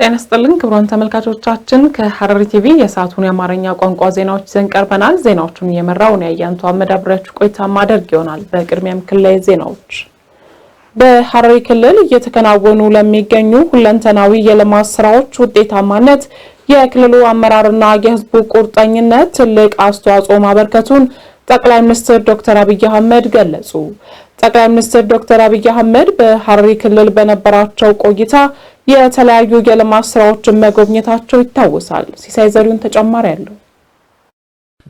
ጤና ስጥልን ክቡራን ተመልካቾቻችን፣ ከሐረሪ ቲቪ የሰዓቱን የአማርኛ ቋንቋ ዜናዎች ይዘን ቀርበናል። ዜናዎቹን እየመራው ነው ያያንቱ አመዳብሪያችሁ ቆይታ ማደርግ ይሆናል። በቅድሚያም ክልላዊ ዜናዎች። በሐረሪ ክልል እየተከናወኑ ለሚገኙ ሁለንተናዊ የልማት ስራዎች ውጤታማነት የክልሉ አመራርና የህዝቡ ቁርጠኝነት ትልቅ አስተዋጽኦ ማበርከቱን ጠቅላይ ሚኒስትር ዶክተር አብይ አህመድ ገለጹ። ጠቅላይ ሚኒስትር ዶክተር አብይ አህመድ በሐረሪ ክልል በነበራቸው ቆይታ የተለያዩ የልማት ስራዎችን መጎብኘታቸው ይታወሳል። ሲሳይ ዘሪሁን ተጨማሪ አለው።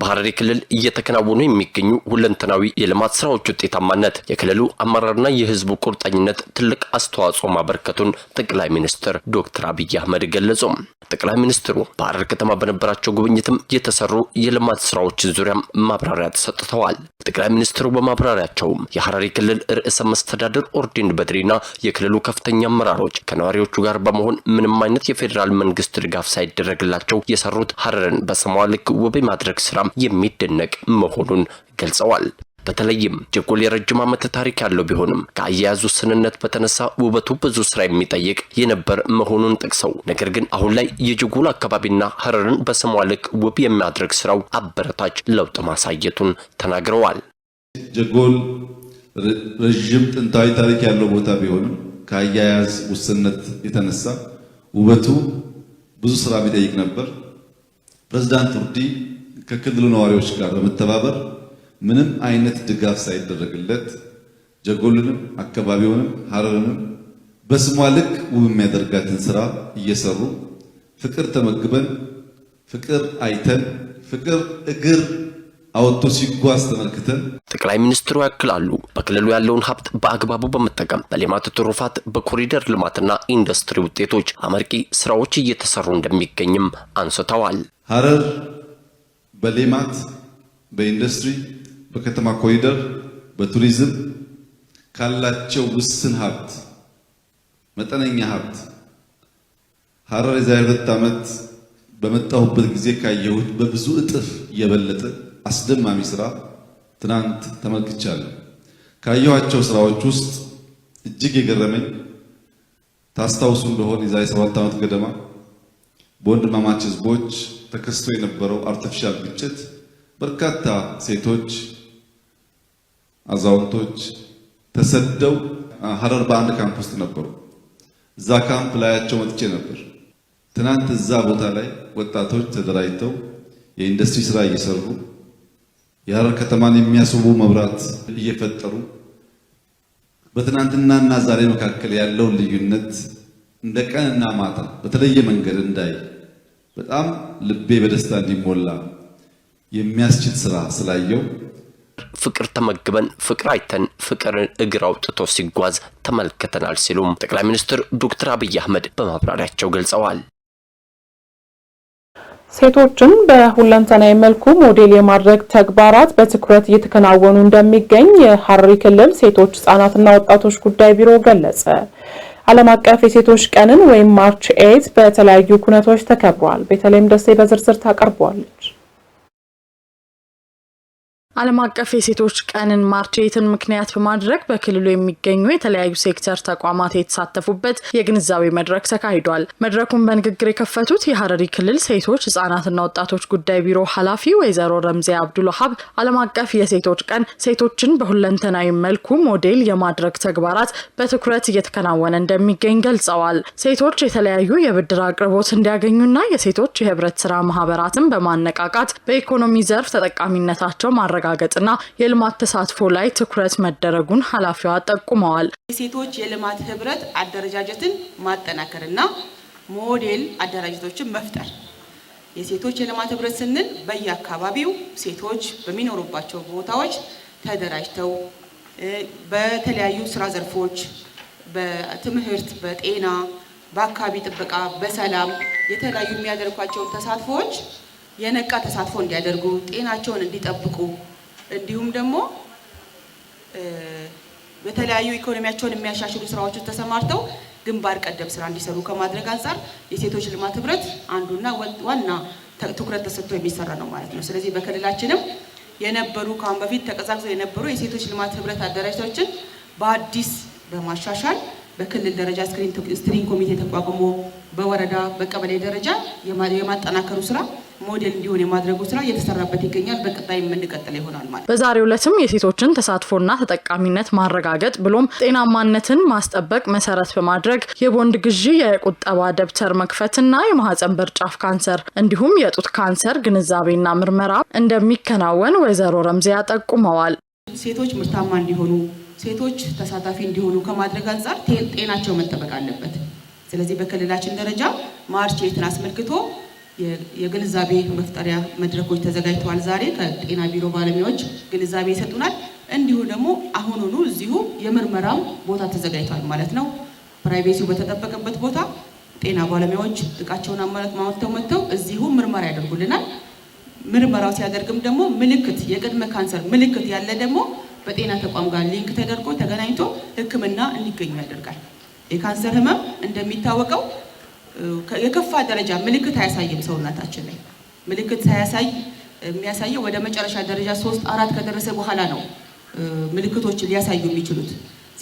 በሐረሪ ክልል እየተከናወኑ የሚገኙ ሁለንተናዊ የልማት ስራዎች ውጤታማነት የክልሉ አመራርና የህዝቡ ቁርጠኝነት ትልቅ አስተዋጽኦ ማበርከቱን ጠቅላይ ሚኒስትር ዶክተር አብይ አህመድ ገለጹ። ጠቅላይ ሚኒስትሩ በሐረር ከተማ በነበራቸው ጉብኝትም የተሰሩ የልማት ስራዎችን ዙሪያም ማብራሪያ ተሰጥተዋል። ጠቅላይ ሚኒስትሩ በማብራሪያቸውም የሐረሪ ክልል ርዕሰ መስተዳደር ኦርዲን በድሪና የክልሉ ከፍተኛ አመራሮች ከነዋሪዎቹ ጋር በመሆን ምንም አይነት የፌዴራል መንግስት ድጋፍ ሳይደረግላቸው የሰሩት ሐረርን በስሟ ልክ ውብ ማድረግ ስራ የሚደነቅ መሆኑን ገልጸዋል። በተለይም ጀጎል የረጅም ዓመት ታሪክ ያለው ቢሆንም ከአያያዙ ስንነት በተነሳ ውበቱ ብዙ ስራ የሚጠይቅ የነበር መሆኑን ጠቅሰው ነገር ግን አሁን ላይ የጀጎል አካባቢና ሀረርን በስሟ ልክ ውብ የሚያድረግ ስራው አበረታች ለውጥ ማሳየቱን ተናግረዋል። ጀጎል ረዥም ጥንታዊ ታሪክ ያለው ቦታ ቢሆንም ከአያያዝ ውስንነት የተነሳ ውበቱ ብዙ ስራ የሚጠይቅ ነበር። ፕሬዚዳንት ውርዲ ከክልሉ ነዋሪዎች ጋር በመተባበር ምንም አይነት ድጋፍ ሳይደረግለት ጀጎልንም አካባቢውንም ሀረርንም በስሟ ልክ ውብ የሚያደርጋትን ስራ እየሰሩ ፍቅር ተመግበን ፍቅር አይተን ፍቅር እግር አወጥቶ ሲጓዝ ተመልክተን ጠቅላይ ሚኒስትሩ ያክላሉ። በክልሉ ያለውን ሀብት በአግባቡ በመጠቀም በሌማት ትሩፋት፣ በኮሪደር ልማትና ኢንዱስትሪ ውጤቶች አመርቂ ስራዎች እየተሰሩ እንደሚገኝም አንስተዋል። ሀረር በሌማት በኢንዱስትሪ በከተማ ኮሪደር በቱሪዝም ካላቸው ውስን ሀብት መጠነኛ ሀብት ሀረር የዛሬ ሁለት ዓመት በመጣሁበት ጊዜ ካየሁት በብዙ እጥፍ እየበለጠ አስደማሚ ስራ ትናንት ተመልክቻለሁ። ካየኋቸው ስራዎች ውስጥ እጅግ የገረመኝ ታስታውሱ እንደሆን የዛሬ ሰባት ዓመት ገደማ በወንድማማች ህዝቦች ተከስቶ የነበረው አርቲፊሻል ግጭት በርካታ ሴቶች፣ አዛውንቶች ተሰደው ሀረር በአንድ ካምፕ ውስጥ ነበሩ። እዛ ካምፕ ላያቸው መጥቼ ነበር። ትናንት እዛ ቦታ ላይ ወጣቶች ተደራጅተው የኢንዱስትሪ ስራ እየሰሩ የሀረር ከተማን የሚያስውቡ መብራት እየፈጠሩ በትናንትናና ዛሬ መካከል ያለውን ልዩነት እንደ ቀንና ማታ በተለየ መንገድ እንዳይ በጣም ልቤ በደስታ እንዲሞላ የሚያስችል ስራ ስላየው ፍቅር ተመግበን ፍቅር አይተን ፍቅርን እግር አውጥቶ ሲጓዝ ተመልክተናል ሲሉም ጠቅላይ ሚኒስትር ዶክተር አብይ አህመድ በማብራሪያቸው ገልጸዋል። ሴቶችን በሁለንተናዊ መልኩ ሞዴል የማድረግ ተግባራት በትኩረት እየተከናወኑ እንደሚገኝ የሐረሪ ክልል ሴቶች ህጻናትና ወጣቶች ጉዳይ ቢሮ ገለጸ። ዓለም አቀፍ የሴቶች ቀንን ወይም ማርች ኤት በተለያዩ ኩነቶች ተከብሯል። በተለይም ደሴ በዝርዝር ታቀርበዋለች። ዓለም አቀፍ የሴቶች ቀንን ማርች ኤይትን ምክንያት በማድረግ በክልሉ የሚገኙ የተለያዩ ሴክተር ተቋማት የተሳተፉበት የግንዛቤ መድረክ ተካሂዷል። መድረኩን በንግግር የከፈቱት የሀረሪ ክልል ሴቶች ህጻናትና ወጣቶች ጉዳይ ቢሮ ኃላፊ ወይዘሮ ረምዚያ አብዱልሀብ ዓለም አቀፍ የሴቶች ቀን ሴቶችን በሁለንተናዊ መልኩ ሞዴል የማድረግ ተግባራት በትኩረት እየተከናወነ እንደሚገኝ ገልጸዋል። ሴቶች የተለያዩ የብድር አቅርቦት እንዲያገኙና የሴቶች የህብረት ስራ ማህበራትን በማነቃቃት በኢኮኖሚ ዘርፍ ተጠቃሚነታቸው ማድረግ ማረጋገጥና የልማት ተሳትፎ ላይ ትኩረት መደረጉን ኃላፊዋ ጠቁመዋል። የሴቶች የልማት ህብረት አደረጃጀትን ማጠናከርና ሞዴል አደራጀቶችን መፍጠር የሴቶች የልማት ህብረት ስንል በየአካባቢው ሴቶች በሚኖሩባቸው ቦታዎች ተደራጅተው በተለያዩ ስራ ዘርፎች በትምህርት፣ በጤና፣ በአካባቢ ጥበቃ፣ በሰላም የተለያዩ የሚያደርጓቸው ተሳትፎዎች የነቃ ተሳትፎ እንዲያደርጉ ጤናቸውን እንዲጠብቁ እንዲሁም ደግሞ በተለያዩ ኢኮኖሚያቸውን የሚያሻሽሉ ስራዎች ተሰማርተው ግንባር ቀደም ስራ እንዲሰሩ ከማድረግ አንጻር የሴቶች ልማት ህብረት አንዱና ዋና ትኩረት ተሰጥቶ የሚሰራ ነው ማለት ነው። ስለዚህ በክልላችንም የነበሩ ከአሁን በፊት ተቀዛቅዘው የነበሩ የሴቶች ልማት ህብረት አደራጅቶችን በአዲስ በማሻሻል በክልል ደረጃ ስክሪን ኮሚቴ ተቋቁሞ በወረዳ በቀበሌ ደረጃ የማጠናከሩ ስራ ሞዴል እንዲሆን የማድረጉ ስራ እየተሰራበት ይገኛል። በቀጣይ የምንቀጥል ይሆናል ማለት በዛሬው ዕለትም የሴቶችን ተሳትፎና ተጠቃሚነት ማረጋገጥ ብሎም ጤናማነትን ማስጠበቅ መሰረት በማድረግ የቦንድ ግዢ፣ የቁጠባ ደብተር መክፈትና የማህፀን በር ጫፍ ካንሰር እንዲሁም የጡት ካንሰር ግንዛቤና ምርመራ እንደሚከናወን ወይዘሮ ረምዚያ ጠቁመዋል። ሴቶች ምርታማ እንዲሆኑ፣ ሴቶች ተሳታፊ እንዲሆኑ ከማድረግ አንጻር ጤናቸው መጠበቅ አለበት። ስለዚህ በክልላችን ደረጃ ማርች ኤይትን አስመልክቶ የግንዛቤ መፍጠሪያ መድረኮች ተዘጋጅተዋል። ዛሬ ከጤና ቢሮ ባለሙያዎች ግንዛቤ ይሰጡናል። እንዲሁ ደግሞ አሁኑኑ እዚሁ የምርመራው ቦታ ተዘጋጅቷል ማለት ነው። ፕራይቬሲው በተጠበቀበት ቦታ ጤና ባለሙያዎች ጥቃቸውን አመለማወተው መጥተው እዚሁ ምርመራ ያደርጉልናል። ምርመራው ሲያደርግም ደግሞ ምልክት የቅድመ ካንሰር ምልክት ያለ ደግሞ በጤና ተቋም ጋር ሊንክ ተደርጎ ተገናኝቶ ሕክምና እንዲገኙ ያደርጋል። የካንሰር ህመም እንደሚታወቀው የከፋ ደረጃ ምልክት አያሳይም። ሰውነታችን ላይ ምልክት ሳያሳይ የሚያሳየው ወደ መጨረሻ ደረጃ ሶስት አራት ከደረሰ በኋላ ነው ምልክቶችን ሊያሳዩ የሚችሉት።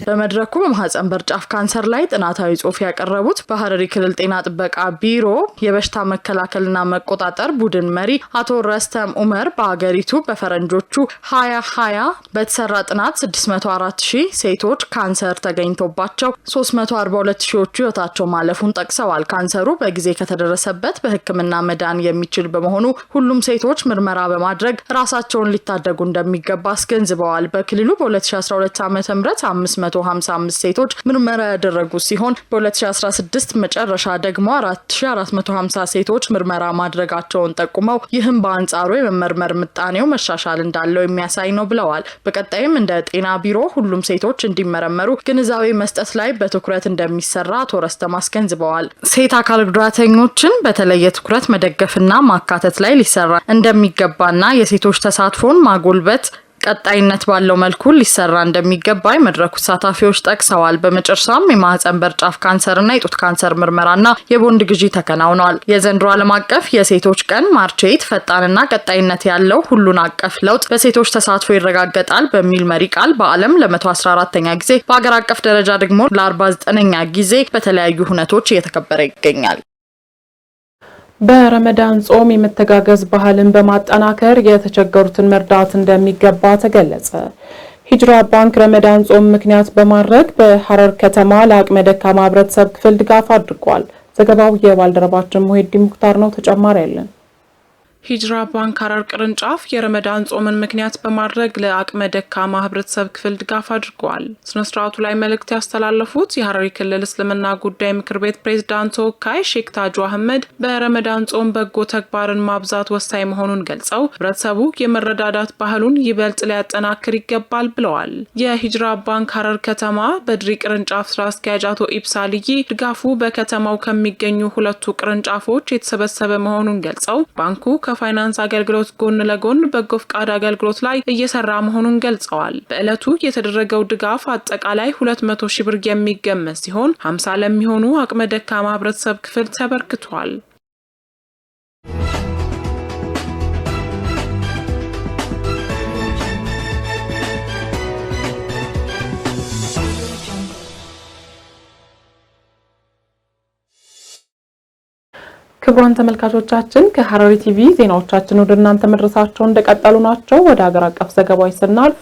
በመድረኩ በማህፀን በር ጫፍ ካንሰር ላይ ጥናታዊ ጽሁፍ ያቀረቡት በሀረሪ ክልል ጤና ጥበቃ ቢሮ የበሽታ መከላከልና መቆጣጠር ቡድን መሪ አቶ ረስተም ኡመር በሀገሪቱ በፈረንጆቹ ሀያ ሀያ በተሰራ ጥናት 604 ሺህ ሴቶች ካንሰር ተገኝቶባቸው 342 ሺዎቹ ህይወታቸው ማለፉን ጠቅሰዋል። ካንሰሩ በጊዜ ከተደረሰበት በህክምና መዳን የሚችል በመሆኑ ሁሉም ሴቶች ምርመራ በማድረግ ራሳቸውን ሊታደጉ እንደሚገባ አስገንዝበዋል። በክልሉ በ2012 ዓ ም 655 ሴቶች ምርመራ ያደረጉ ሲሆን በ2016 መጨረሻ ደግሞ 4450 ሴቶች ምርመራ ማድረጋቸውን ጠቁመው ይህም በአንጻሩ የመመርመር ምጣኔው መሻሻል እንዳለው የሚያሳይ ነው ብለዋል። በቀጣይም እንደ ጤና ቢሮ ሁሉም ሴቶች እንዲመረመሩ ግንዛቤ መስጠት ላይ በትኩረት እንደሚሰራ አቶ ረስተም አስገንዝበዋል። ሴት አካል ጉዳተኞችን በተለየ ትኩረት መደገፍና ማካተት ላይ ሊሰራ እንደሚገባና የሴቶች ተሳትፎን ማጎልበት ቀጣይነት ባለው መልኩ ሊሰራ እንደሚገባ የመድረኩ ተሳታፊዎች ጠቅሰዋል። በመጨረሻም የማህፀን በር ጫፍ ካንሰርና የጡት ካንሰር ምርመራና የቦንድ ግዢ ተከናውነዋል። የዘንድሮ ዓለም አቀፍ የሴቶች ቀን ማርቼት ፈጣንና ቀጣይነት ያለው ሁሉን አቀፍ ለውጥ በሴቶች ተሳትፎ ይረጋገጣል በሚል መሪ ቃል በዓለም ለ114ኛ ጊዜ በአገር አቀፍ ደረጃ ደግሞ ለ49ኛ ጊዜ በተለያዩ ሁነቶች እየተከበረ ይገኛል። በረመዳን ጾም የመተጋገዝ ባህልን በማጠናከር የተቸገሩትን መርዳት እንደሚገባ ተገለጸ። ሂጅራ ባንክ ረመዳን ጾም ምክንያት በማድረግ በሐረር ከተማ ለአቅመ ደካማ ህብረተሰብ ክፍል ድጋፍ አድርጓል። ዘገባው የባልደረባችን ሙሄዲ ሙክታር ነው። ተጨማሪ ያለን ሂጅራ ባንክ ሐረር ቅርንጫፍ የረመዳን ጾምን ምክንያት በማድረግ ለአቅመ ደካማ ህብረተሰብ ክፍል ድጋፍ አድርገዋል። ስነ ስርዓቱ ላይ መልእክት ያስተላለፉት የሐረሪ ክልል እስልምና ጉዳይ ምክር ቤት ፕሬዝዳንት ተወካይ ሼክ ታጁ አህመድ በረመዳን ጾም በጎ ተግባርን ማብዛት ወሳኝ መሆኑን ገልጸው ህብረተሰቡ የመረዳዳት ባህሉን ይበልጥ ሊያጠናክር ይገባል ብለዋል። የሂጅራ ባንክ ሐረር ከተማ በድሪ ቅርንጫፍ ስራ አስኪያጅ አቶ ኢብሳ ልይ ድጋፉ በከተማው ከሚገኙ ሁለቱ ቅርንጫፎች የተሰበሰበ መሆኑን ገልጸው ባንኩ ከፋይናንስ አገልግሎት ጎን ለጎን በጎ ፍቃድ አገልግሎት ላይ እየሰራ መሆኑን ገልጸዋል። በዕለቱ የተደረገው ድጋፍ አጠቃላይ 200 ሺህ ብር የሚገመት ሲሆን 50 ለሚሆኑ አቅመ ደካማ ህብረተሰብ ክፍል ተበርክቷል። ክቡራን ተመልካቾቻችን ከሐረሪ ቲቪ ዜናዎቻችን ወደ እናንተ መድረሳቸው እንደቀጠሉ ናቸው። ወደ ሀገር አቀፍ ዘገባዎች ስናልፍ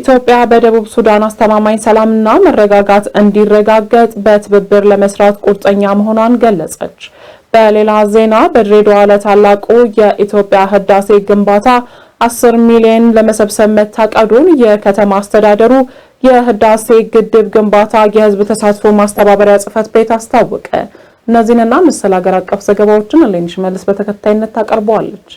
ኢትዮጵያ በደቡብ ሱዳን አስተማማኝ ሰላምና መረጋጋት እንዲረጋገጥ በትብብር ለመስራት ቁርጠኛ መሆኗን ገለጸች። በሌላ ዜና በድሬዳዋ ለታላቁ የኢትዮጵያ ህዳሴ ግንባታ 10 ሚሊዮን ለመሰብሰብ መታቀዱን የከተማ አስተዳደሩ የህዳሴ ግድብ ግንባታ የህዝብ ተሳትፎ ማስተባበሪያ ጽህፈት ቤት አስታወቀ። እነዚህንና ምስል ሀገር አቀፍ ዘገባዎችን ሌንሽ መልስ በተከታይነት ታቀርበዋለች።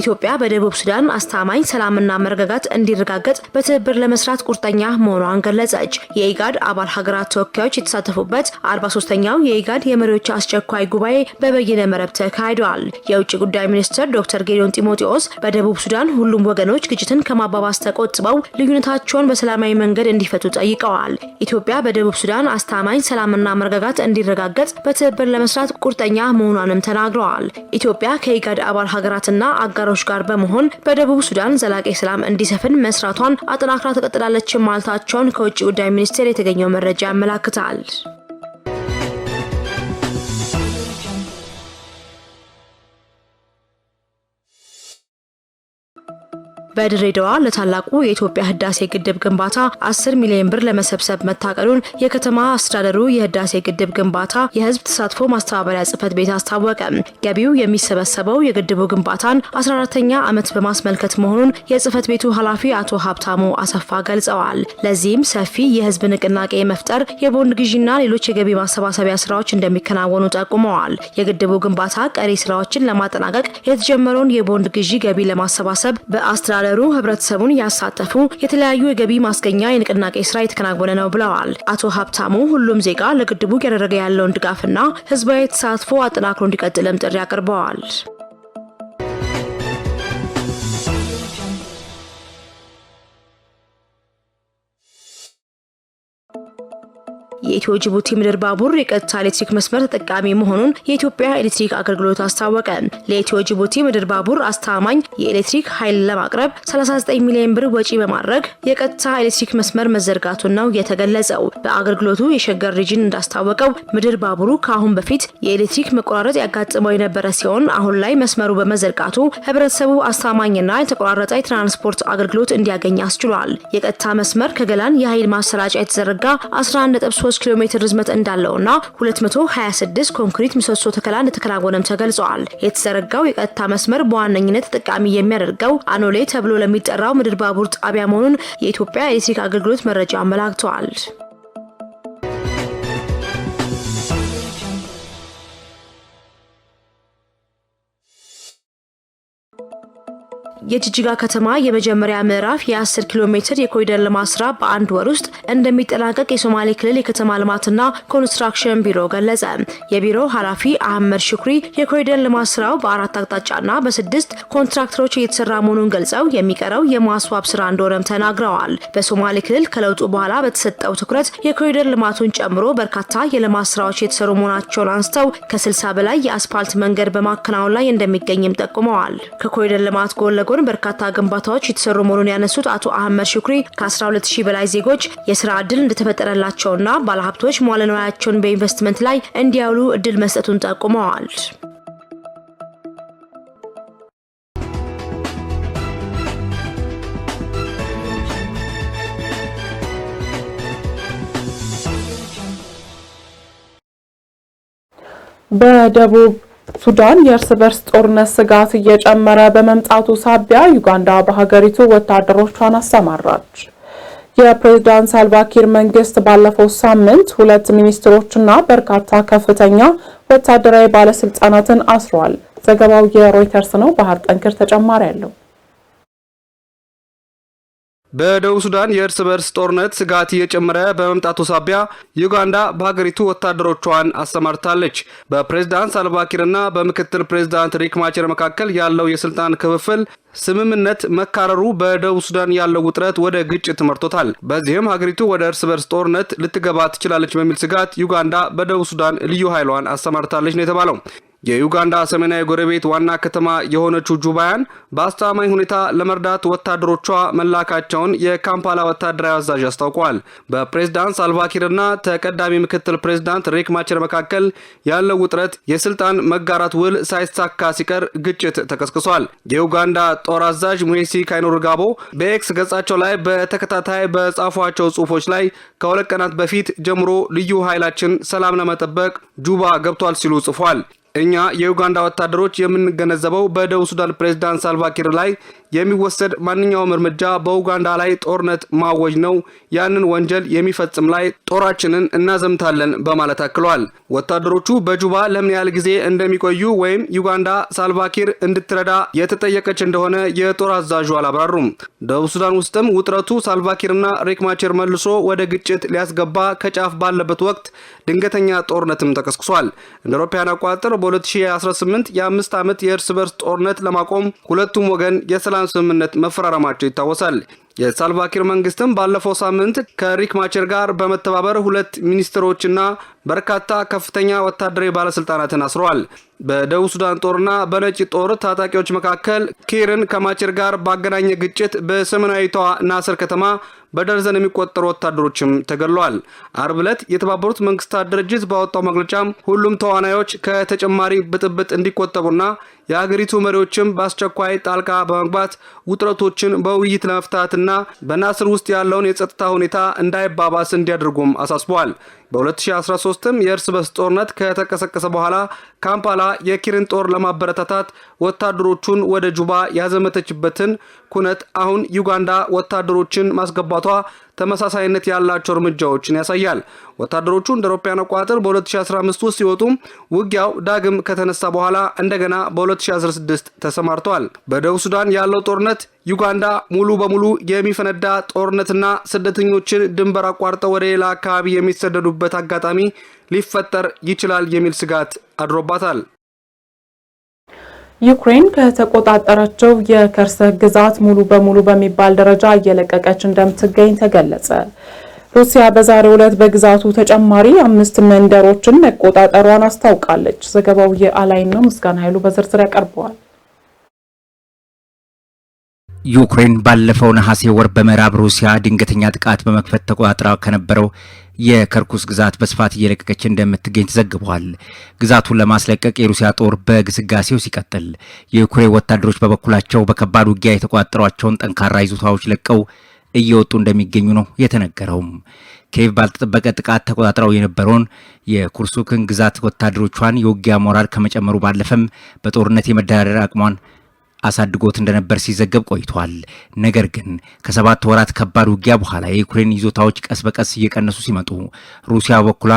ኢትዮጵያ በደቡብ ሱዳን አስተማማኝ ሰላምና መረጋጋት እንዲረጋገጥ በትብብር ለመስራት ቁርጠኛ መሆኗን ገለጸች። የኢጋድ አባል ሀገራት ተወካዮች የተሳተፉበት 43ኛው የኢጋድ የመሪዎች አስቸኳይ ጉባኤ በበይነ መረብ ተካሂደዋል። የውጭ ጉዳይ ሚኒስትር ዶክተር ጌዲዮን ጢሞቴዎስ በደቡብ ሱዳን ሁሉም ወገኖች ግጭትን ከማባባስ ተቆጥበው ልዩነታቸውን በሰላማዊ መንገድ እንዲፈቱ ጠይቀዋል። ኢትዮጵያ በደቡብ ሱዳን አስተማማኝ ሰላምና መረጋጋት እንዲረጋገጥ በትብብር ለመስራት ቁርጠኛ መሆኗንም ተናግረዋል። ኢትዮጵያ ከኢጋድ አባል ሀገራትና አጋሮች ጋር በመሆን በደቡብ ሱዳን ዘላቂ ሰላም እንዲሰፍን መስራቷን አጠናክራ ትቀጥላለች ማለታቸውን ከውጭ ጉዳይ ሚኒስቴር የተገኘው መረጃ ያመላክታል። በድሬዳዋ ለታላቁ የኢትዮጵያ ህዳሴ ግድብ ግንባታ 10 ሚሊዮን ብር ለመሰብሰብ መታቀዱን የከተማ አስተዳደሩ የህዳሴ ግድብ ግንባታ የህዝብ ተሳትፎ ማስተባበሪያ ጽህፈት ቤት አስታወቀ። ገቢው የሚሰበሰበው የግድቡ ግንባታን 14ተኛ ዓመት በማስመልከት መሆኑን የጽህፈት ቤቱ ኃላፊ አቶ ሀብታሙ አሰፋ ገልጸዋል። ለዚህም ሰፊ የህዝብ ንቅናቄ መፍጠር፣ የቦንድ ግዢና ሌሎች የገቢ ማሰባሰቢያ ስራዎች እንደሚከናወኑ ጠቁመዋል። የግድቡ ግንባታ ቀሪ ስራዎችን ለማጠናቀቅ የተጀመረውን የቦንድ ግዢ ገቢ ለማሰባሰብ በአስተዳደ በመረሩ ህብረተሰቡን ያሳተፉ የተለያዩ የገቢ ማስገኛ የንቅናቄ ስራ የተከናወነ ነው ብለዋል አቶ ሀብታሙ። ሁሉም ዜጋ ለግድቡ እያደረገ ያለውን ድጋፍና ህዝባዊ ተሳትፎ አጠናክሮ እንዲቀጥልም ጥሪ አቅርበዋል። የኢትዮ ጅቡቲ ምድር ባቡር የቀጥታ ኤሌክትሪክ መስመር ተጠቃሚ መሆኑን የኢትዮጵያ ኤሌክትሪክ አገልግሎት አስታወቀ። ለኢትዮ ጅቡቲ ምድር ባቡር አስተማማኝ የኤሌክትሪክ ኃይል ለማቅረብ 39 ሚሊዮን ብር ወጪ በማድረግ የቀጥታ ኤሌክትሪክ መስመር መዘርጋቱን ነው የተገለጸው። በአገልግሎቱ የሸገር ሪጅን እንዳስታወቀው ምድር ባቡሩ ከአሁን በፊት የኤሌክትሪክ መቆራረጥ ያጋጥመው የነበረ ሲሆን አሁን ላይ መስመሩ በመዘርጋቱ ህብረተሰቡ አስተማማኝና የተቆራረጠ የትራንስፖርት አገልግሎት እንዲያገኝ አስችሏል። የቀጥታ መስመር ከገላን የኃይል ማሰራጫ የተዘረጋ 11 3 ኪሎ ሜትር ርዝመት እንዳለውና 226 ኮንክሪት ምሰሶ ተከላ እንደተከናወነም ተገልጿል። የተዘረጋው የቀጥታ መስመር በዋነኝነት ተጠቃሚ የሚያደርገው አኖሌ ተብሎ ለሚጠራው ምድር ባቡር ጣቢያ መሆኑን የኢትዮጵያ ኤሌክትሪክ አገልግሎት መረጃ አመላክተዋል። የጅጅጋ ከተማ የመጀመሪያ ምዕራፍ የ10 ኪሎ ሜትር የኮሪደር ልማት ስራ በአንድ ወር ውስጥ እንደሚጠናቀቅ የሶማሌ ክልል የከተማ ልማትና ኮንስትራክሽን ቢሮ ገለጸ። የቢሮው ኃላፊ አህመድ ሽኩሪ የኮሪደር ልማት ስራው በአራት አቅጣጫና በስድስት ኮንትራክተሮች እየተሰራ መሆኑን ገልጸው የሚቀረው የማስዋብ ስራ እንደሆነም ተናግረዋል። በሶማሌ ክልል ከለውጡ በኋላ በተሰጠው ትኩረት የኮሪደር ልማቱን ጨምሮ በርካታ የልማት ስራዎች የተሰሩ መሆናቸውን አንስተው ከ60 በላይ የአስፓልት መንገድ በማከናወን ላይ እንደሚገኝም ጠቁመዋል። ከኮሪደር ልማት ጎን ለጎን ሲሆን በርካታ ግንባታዎች የተሰሩ መሆኑን ያነሱት አቶ አህመድ ሽኩሪ ከ ሺህ በላይ ዜጎች የስራ እድል እንደተፈጠረላቸውና ባለሀብቶች መዋለ ንዋያቸውን በኢንቨስትመንት ላይ እንዲያውሉ እድል መስጠቱን ጠቁመዋል። በደቡብ ሱዳን የእርስ በርስ ጦርነት ስጋት እየጨመረ በመምጣቱ ሳቢያ ዩጋንዳ በሀገሪቱ ወታደሮቿን አሰማራች። የፕሬዝዳንት ሳልቫኪር መንግስት ባለፈው ሳምንት ሁለት ሚኒስትሮችና በርካታ ከፍተኛ ወታደራዊ ባለስልጣናትን አስሯል። ዘገባው የሮይተርስ ነው። ባህር ጠንክር ተጨማሪ አለው። በደቡብ ሱዳን የእርስ በርስ ጦርነት ስጋት እየጨመረ በመምጣቱ ሳቢያ ዩጋንዳ በሀገሪቱ ወታደሮቿን አሰማርታለች። በፕሬዝዳንት ሳልቫኪርና በምክትል ፕሬዝዳንት ሪክ ማቸር መካከል ያለው የስልጣን ክፍፍል ስምምነት መካረሩ በደቡብ ሱዳን ያለው ውጥረት ወደ ግጭት መርቶታል። በዚህም ሀገሪቱ ወደ እርስ በርስ ጦርነት ልትገባ ትችላለች በሚል ስጋት ዩጋንዳ በደቡብ ሱዳን ልዩ ኃይሏን አሰማርታለች ነው የተባለው። የዩጋንዳ ሰሜናዊ ጎረቤት ዋና ከተማ የሆነችው ጁባያን በአስተማማኝ ሁኔታ ለመርዳት ወታደሮቿ መላካቸውን የካምፓላ ወታደራዊ አዛዥ አስታውቋል። በፕሬዝዳንት ሳልቫኪርና ተቀዳሚ ምክትል ፕሬዝዳንት ሬክ ማቸር መካከል ያለው ውጥረት የስልጣን መጋራት ውል ሳይሳካ ሲቀር ግጭት ተቀስቅሷል። የዩጋንዳ ጦር አዛዥ ሙሄሲ ጋቦ በኤክስ ገጻቸው ላይ በተከታታይ በጻፏቸው ጽሑፎች ላይ ከሁለት ቀናት በፊት ጀምሮ ልዩ ኃይላችን ሰላም ለመጠበቅ ጁባ ገብቷል ሲሉ ጽፏል። እኛ የኡጋንዳ ወታደሮች የምንገነዘበው በደቡብ ሱዳን ፕሬዝዳንት ሳልቫኪር ላይ የሚወሰድ ማንኛውም እርምጃ በኡጋንዳ ላይ ጦርነት ማወጅ ነው። ያንን ወንጀል የሚፈጽም ላይ ጦራችንን እናዘምታለን በማለት አክሏል። ወታደሮቹ በጁባ ለምን ያህል ጊዜ እንደሚቆዩ ወይም ዩጋንዳ ሳልቫኪር እንድትረዳ የተጠየቀች እንደሆነ የጦር አዛዡ አላብራሩም። ደቡብ ሱዳን ውስጥም ውጥረቱ ሳልቫኪርና ሪክ መልሶ ወደ ግጭት ሊያስገባ ከጫፍ ባለበት ወቅት ድንገተኛ ጦርነትም ተቀስቅሷል። እንደ አውሮፓውያን አቆጣጠር በ2018 የአምስት ዓመት የእርስ በርስ ጦርነት ለማቆም ሁለቱም ወገን የሰላም የሰላም ስምምነት መፈራረማቸው ይታወሳል። የሳልቫኪር መንግስትም ባለፈው ሳምንት ከሪክ ማቸር ጋር በመተባበር ሁለት ሚኒስትሮችና በርካታ ከፍተኛ ወታደራዊ ባለስልጣናትን አስረዋል። በደቡብ ሱዳን ጦርና በነጭ ጦር ታጣቂዎች መካከል ኪርን ከማቸር ጋር ባገናኘ ግጭት በሰሜናዊቷ ናስር ከተማ በደርዘን የሚቆጠሩ ወታደሮችም ተገሏል። አርብ ዕለት የተባበሩት መንግስታት ድርጅት ባወጣው መግለጫ ሁሉም ተዋናዮች ከተጨማሪ ብጥብጥ እንዲቆጠቡና የሀገሪቱ መሪዎችም በአስቸኳይ ጣልቃ በመግባት ውጥረቶችን በውይይት ለመፍታትና በናስር ውስጥ ያለውን የጸጥታ ሁኔታ እንዳይባባስ እንዲያደርጉም አሳስበዋል። በ2013ም የእርስ በርስ ጦርነት ከተቀሰቀሰ በኋላ ካምፓላ የኪርን ጦር ለማበረታታት ወታደሮቹን ወደ ጁባ ያዘመተችበትን ኩነት አሁን ዩጋንዳ ወታደሮችን ማስገባቷ ተመሳሳይነት ያላቸው እርምጃዎችን ያሳያል። ወታደሮቹ እንደ አውሮፓውያን አቆጣጠር በ2015 ውስጥ ሲወጡ ውጊያው ዳግም ከተነሳ በኋላ እንደገና በ2016 ተሰማርተዋል። በደቡብ ሱዳን ያለው ጦርነት ዩጋንዳ ሙሉ በሙሉ የሚፈነዳ ጦርነትና ስደተኞችን ድንበር አቋርጠው ወደ ሌላ አካባቢ የሚሰደዱበት አጋጣሚ ሊፈጠር ይችላል የሚል ስጋት አድሮባታል። ዩክሬን ከተቆጣጠረችው የከርሰ ግዛት ሙሉ በሙሉ በሚባል ደረጃ እየለቀቀች እንደምትገኝ ተገለጸ። ሩሲያ በዛሬው ዕለት በግዛቱ ተጨማሪ አምስት መንደሮችን መቆጣጠሯን አስታውቃለች። ዘገባው የአላይን ነው። ምስጋና ኃይሉ በዝርዝር ያቀርበዋል። ዩክሬን ባለፈው ነሐሴ ወር በምዕራብ ሩሲያ ድንገተኛ ጥቃት በመክፈት ተቆጣጥራ ከነበረው የከርኩስ ግዛት በስፋት እየለቀቀች እንደምትገኝ ተዘግቧል። ግዛቱን ለማስለቀቅ የሩሲያ ጦር በግስጋሴው ሲቀጥል፣ የዩክሬን ወታደሮች በበኩላቸው በከባድ ውጊያ የተቆጣጠሯቸውን ጠንካራ ይዞታዎች ለቀው እየወጡ እንደሚገኙ ነው የተነገረውም። ኬቭ ባልተጠበቀ ጥቃት ተቆጣጥረው የነበረውን የኩርሱክን ግዛት ወታደሮቿን የውጊያ ሞራል ከመጨመሩ ባለፈም በጦርነት የመደራደር አቅሟን አሳድጎት እንደነበር ሲዘገብ ቆይቷል። ነገር ግን ከሰባት ወራት ከባድ ውጊያ በኋላ የዩክሬን ይዞታዎች ቀስ በቀስ እየቀነሱ ሲመጡ ሩሲያ በኩሏ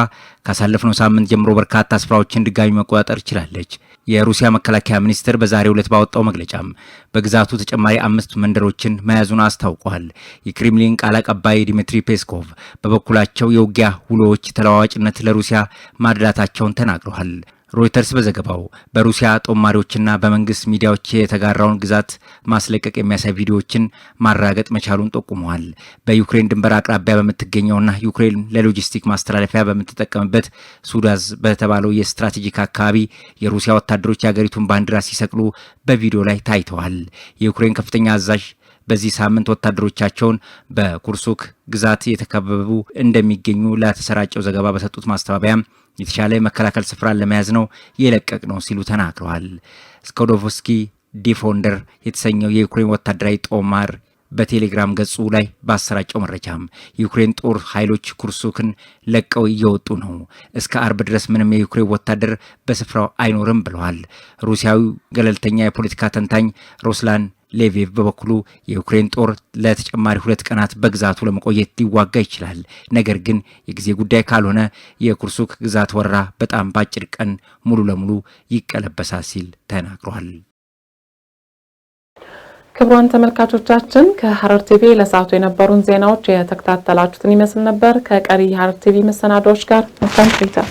ካሳለፍነው ሳምንት ጀምሮ በርካታ ስፍራዎችን ድጋሚ መቆጣጠር ችላለች። የሩሲያ መከላከያ ሚኒስቴር በዛሬው ዕለት ባወጣው መግለጫም በግዛቱ ተጨማሪ አምስት መንደሮችን መያዙን አስታውቋል። የክሬምሊን ቃል አቀባይ ዲሚትሪ ፔስኮቭ በበኩላቸው የውጊያ ውሎዎች ተለዋዋጭነት ለሩሲያ ማድላታቸውን ተናግረዋል። ሮይተርስ በዘገባው በሩሲያ ጦማሪዎችና በመንግስት ሚዲያዎች የተጋራውን ግዛት ማስለቀቅ የሚያሳይ ቪዲዮዎችን ማራገጥ መቻሉን ጠቁመዋል። በዩክሬን ድንበር አቅራቢያ በምትገኘውና ዩክሬን ለሎጂስቲክ ማስተላለፊያ በምትጠቀምበት ሱዳዝ በተባለው የስትራቴጂክ አካባቢ የሩሲያ ወታደሮች የአገሪቱን ባንዲራ ሲሰቅሉ በቪዲዮ ላይ ታይተዋል። የዩክሬን ከፍተኛ አዛዥ በዚህ ሳምንት ወታደሮቻቸውን በኩርሱክ ግዛት የተከበቡ እንደሚገኙ ለተሰራጨው ዘገባ በሰጡት ማስተባበያም የተሻለ የመከላከል ስፍራን ለመያዝ ነው የለቀቅ ነው ሲሉ ተናግረዋል። ስኮዶቭስኪ ዲፎንደር የተሰኘው የዩክሬን ወታደራዊ ጦማር በቴሌግራም ገጹ ላይ ባሰራጨው መረጃም የዩክሬን ጦር ኃይሎች ኩርሱክን ለቀው እየወጡ ነው፣ እስከ አርብ ድረስ ምንም የዩክሬን ወታደር በስፍራው አይኖርም ብለዋል። ሩሲያዊ ገለልተኛ የፖለቲካ ተንታኝ ሩስላን ሌቪቭ በበኩሉ የዩክሬን ጦር ለተጨማሪ ሁለት ቀናት በግዛቱ ለመቆየት ሊዋጋ ይችላል፣ ነገር ግን የጊዜ ጉዳይ ካልሆነ የኩርሱክ ግዛት ወረራ በጣም በአጭር ቀን ሙሉ ለሙሉ ይቀለበሳል ሲል ተናግሯል። ክቡራን ተመልካቾቻችን ከሐረር ቲቪ ለሰዓቱ የነበሩን ዜናዎች የተከታተላችሁትን ይመስል ነበር። ከቀሪ የሐረር ቲቪ መሰናዶዎች ጋር መልካም ቆይታ